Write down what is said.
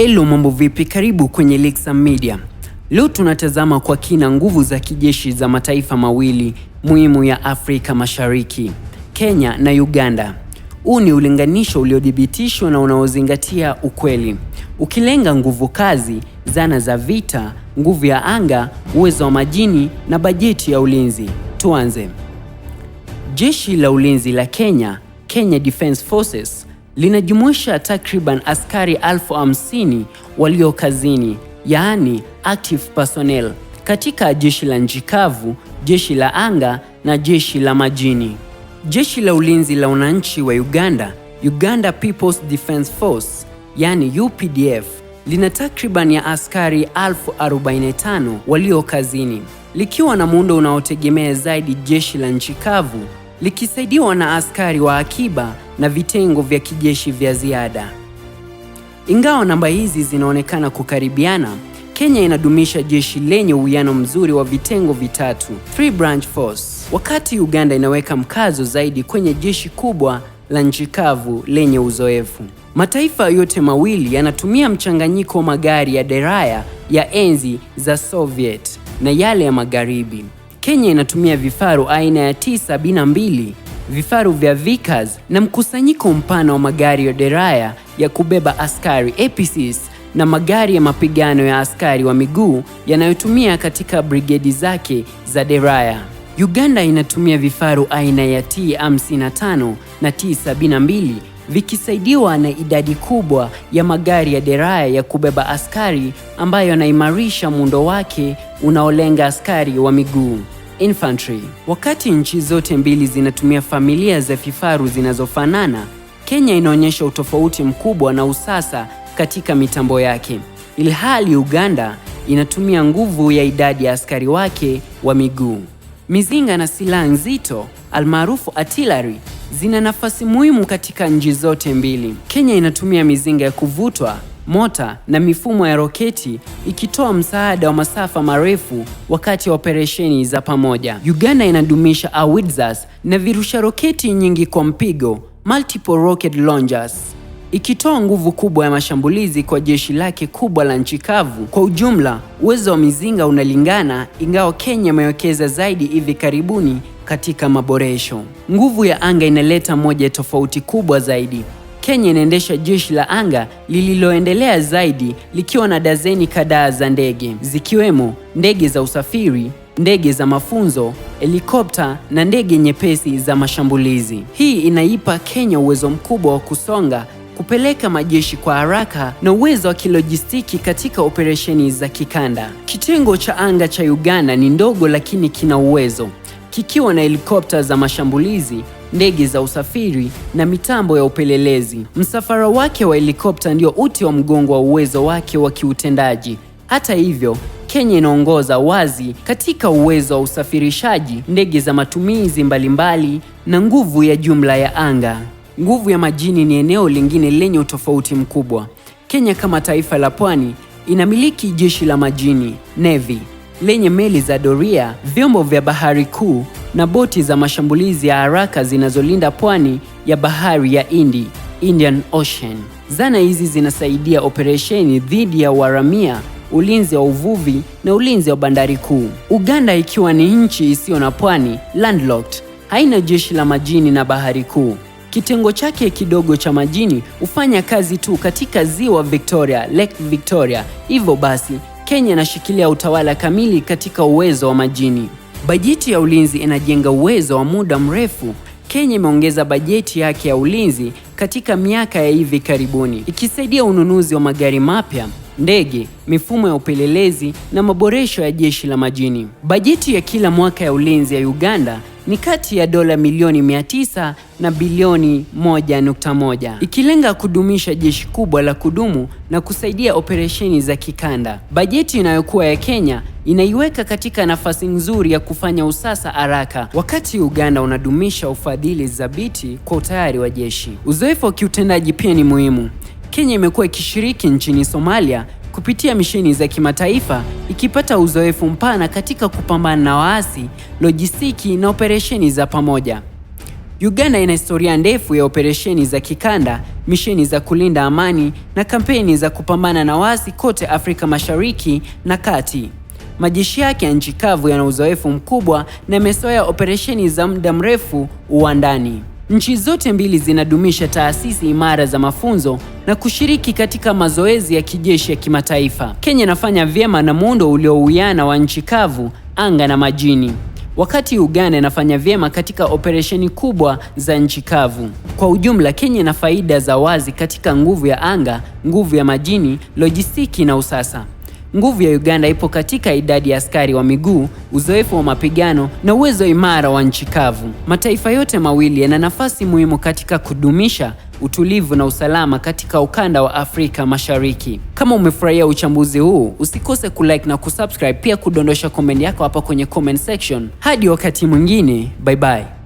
Hello, mambo vipi? Karibu kwenye Lexam Media. Leo tunatazama kwa kina nguvu za kijeshi za mataifa mawili muhimu ya Afrika Mashariki, Kenya na Uganda. Huu ni ulinganisho uliodhibitishwa na unaozingatia ukweli, ukilenga nguvu kazi, zana za vita, nguvu ya anga, uwezo wa majini na bajeti ya ulinzi. Tuanze. Jeshi la ulinzi la Kenya, Kenya Defence Forces linajumuisha takriban askari elfu hamsini walio kazini, yaani active personnel, katika jeshi la nchi kavu, jeshi la anga na jeshi la majini. Jeshi la ulinzi la wananchi wa Uganda, Uganda People's Defence Force, yani UPDF, lina takriban ya askari elfu walio kazini, likiwa na muundo unaotegemea zaidi jeshi la nchi kavu, likisaidiwa na askari wa akiba na vitengo vya kijeshi vya ziada. Ingawa namba hizi zinaonekana kukaribiana, Kenya inadumisha jeshi lenye uwiano mzuri wa vitengo vitatu, three branch force, wakati Uganda inaweka mkazo zaidi kwenye jeshi kubwa la nchi kavu lenye uzoefu. Mataifa yote mawili yanatumia mchanganyiko wa magari ya deraya ya enzi za Soviet na yale ya magharibi. Kenya inatumia vifaru aina ya T72 vifaru vya Vickers na mkusanyiko mpana wa magari ya deraya ya kubeba askari APCs na magari ya mapigano ya askari wa miguu yanayotumia katika brigedi zake za deraya. Uganda inatumia vifaru aina ya T55 na T72 vikisaidiwa na idadi kubwa ya magari ya deraya ya kubeba askari ambayo yanaimarisha muundo wake unaolenga askari wa miguu infantry. Wakati nchi zote mbili zinatumia familia za vifaru zinazofanana, Kenya inaonyesha utofauti mkubwa na usasa katika mitambo yake, ilhali Uganda inatumia nguvu ya idadi ya askari wake wa miguu. Mizinga na silaha nzito almaarufu artillery zina nafasi muhimu katika nchi zote mbili. Kenya inatumia mizinga ya kuvutwa mota na mifumo ya roketi ikitoa msaada wa masafa marefu wakati wa operesheni za pamoja. Uganda inadumisha AWITSAS na virusha roketi nyingi kwa mpigo, multiple rocket launchers ikitoa nguvu kubwa ya mashambulizi kwa jeshi lake kubwa la nchi kavu. Kwa ujumla, uwezo wa mizinga unalingana, ingawa Kenya imewekeza zaidi hivi karibuni katika maboresho. Nguvu ya anga inaleta moja tofauti kubwa zaidi. Kenya inaendesha jeshi la anga lililoendelea zaidi likiwa na dazeni kadhaa za ndege zikiwemo ndege za usafiri, ndege za mafunzo, helikopta na ndege nyepesi za mashambulizi. Hii inaipa Kenya uwezo mkubwa wa kusonga kupeleka majeshi kwa haraka na uwezo wa kilojistiki katika operesheni za kikanda. Kitengo cha anga cha Uganda ni ndogo lakini kina uwezo, kikiwa na helikopta za mashambulizi ndege za usafiri na mitambo ya upelelezi. Msafara wake wa helikopta ndio uti wa mgongo wa uwezo wake wa kiutendaji. Hata hivyo, Kenya inaongoza wazi katika uwezo wa usafirishaji ndege za matumizi mbalimbali mbali, na nguvu ya jumla ya anga. Nguvu ya majini ni eneo lingine lenye utofauti mkubwa. Kenya kama taifa la pwani inamiliki jeshi la majini Navy lenye meli za doria, vyombo vya bahari kuu na boti za mashambulizi ya haraka zinazolinda pwani ya bahari ya Hindi, Indian Ocean. Zana hizi zinasaidia operesheni dhidi ya uharamia, ulinzi wa uvuvi na ulinzi wa bandari kuu. Uganda ikiwa ni nchi isiyo na pwani, landlocked, haina jeshi la majini na bahari kuu. Kitengo chake kidogo cha majini hufanya kazi tu katika ziwa Victoria, Lake Victoria. Hivyo basi, Kenya inashikilia utawala kamili katika uwezo wa majini. Bajeti ya ulinzi inajenga uwezo wa muda mrefu. Kenya imeongeza bajeti yake ya ulinzi katika miaka ya hivi karibuni, ikisaidia ununuzi wa magari mapya, ndege, mifumo ya upelelezi na maboresho ya jeshi la majini. Bajeti ya kila mwaka ya ulinzi ya Uganda ni kati ya dola milioni 900 na bilioni 1.1 ikilenga kudumisha jeshi kubwa la kudumu na kusaidia operesheni za kikanda. Bajeti inayokuwa ya Kenya inaiweka katika nafasi nzuri ya kufanya usasa haraka, wakati Uganda unadumisha ufadhili thabiti kwa utayari wa jeshi. Uzoefu wa kiutendaji pia ni muhimu. Kenya imekuwa ikishiriki nchini Somalia kupitia misheni za kimataifa ikipata uzoefu mpana katika kupambana na waasi, lojistiki na operesheni za pamoja. Uganda ina historia ndefu ya operesheni za kikanda, misheni za kulinda amani na kampeni za kupambana na waasi kote Afrika Mashariki na Kati. Majeshi yake ya nchi kavu yana uzoefu mkubwa na yamesoea operesheni za muda mrefu uwandani. Nchi zote mbili zinadumisha taasisi imara za mafunzo na kushiriki katika mazoezi ya kijeshi ya kimataifa. Kenya inafanya vyema na muundo uliouiana wa nchi kavu, anga na majini, wakati Uganda inafanya vyema katika operesheni kubwa za nchi kavu. Kwa ujumla, Kenya ina faida za wazi katika nguvu ya anga, nguvu ya majini, lojistiki na usasa. Nguvu ya Uganda ipo katika idadi ya askari wa miguu, uzoefu wa mapigano na uwezo imara wa nchi kavu. Mataifa yote mawili yana nafasi muhimu katika kudumisha utulivu na usalama katika ukanda wa Afrika Mashariki. Kama umefurahia uchambuzi huu, usikose kulike na kusubscribe, pia kudondosha comment yako hapa kwenye comment section. Hadi wakati mwingine, bye bye.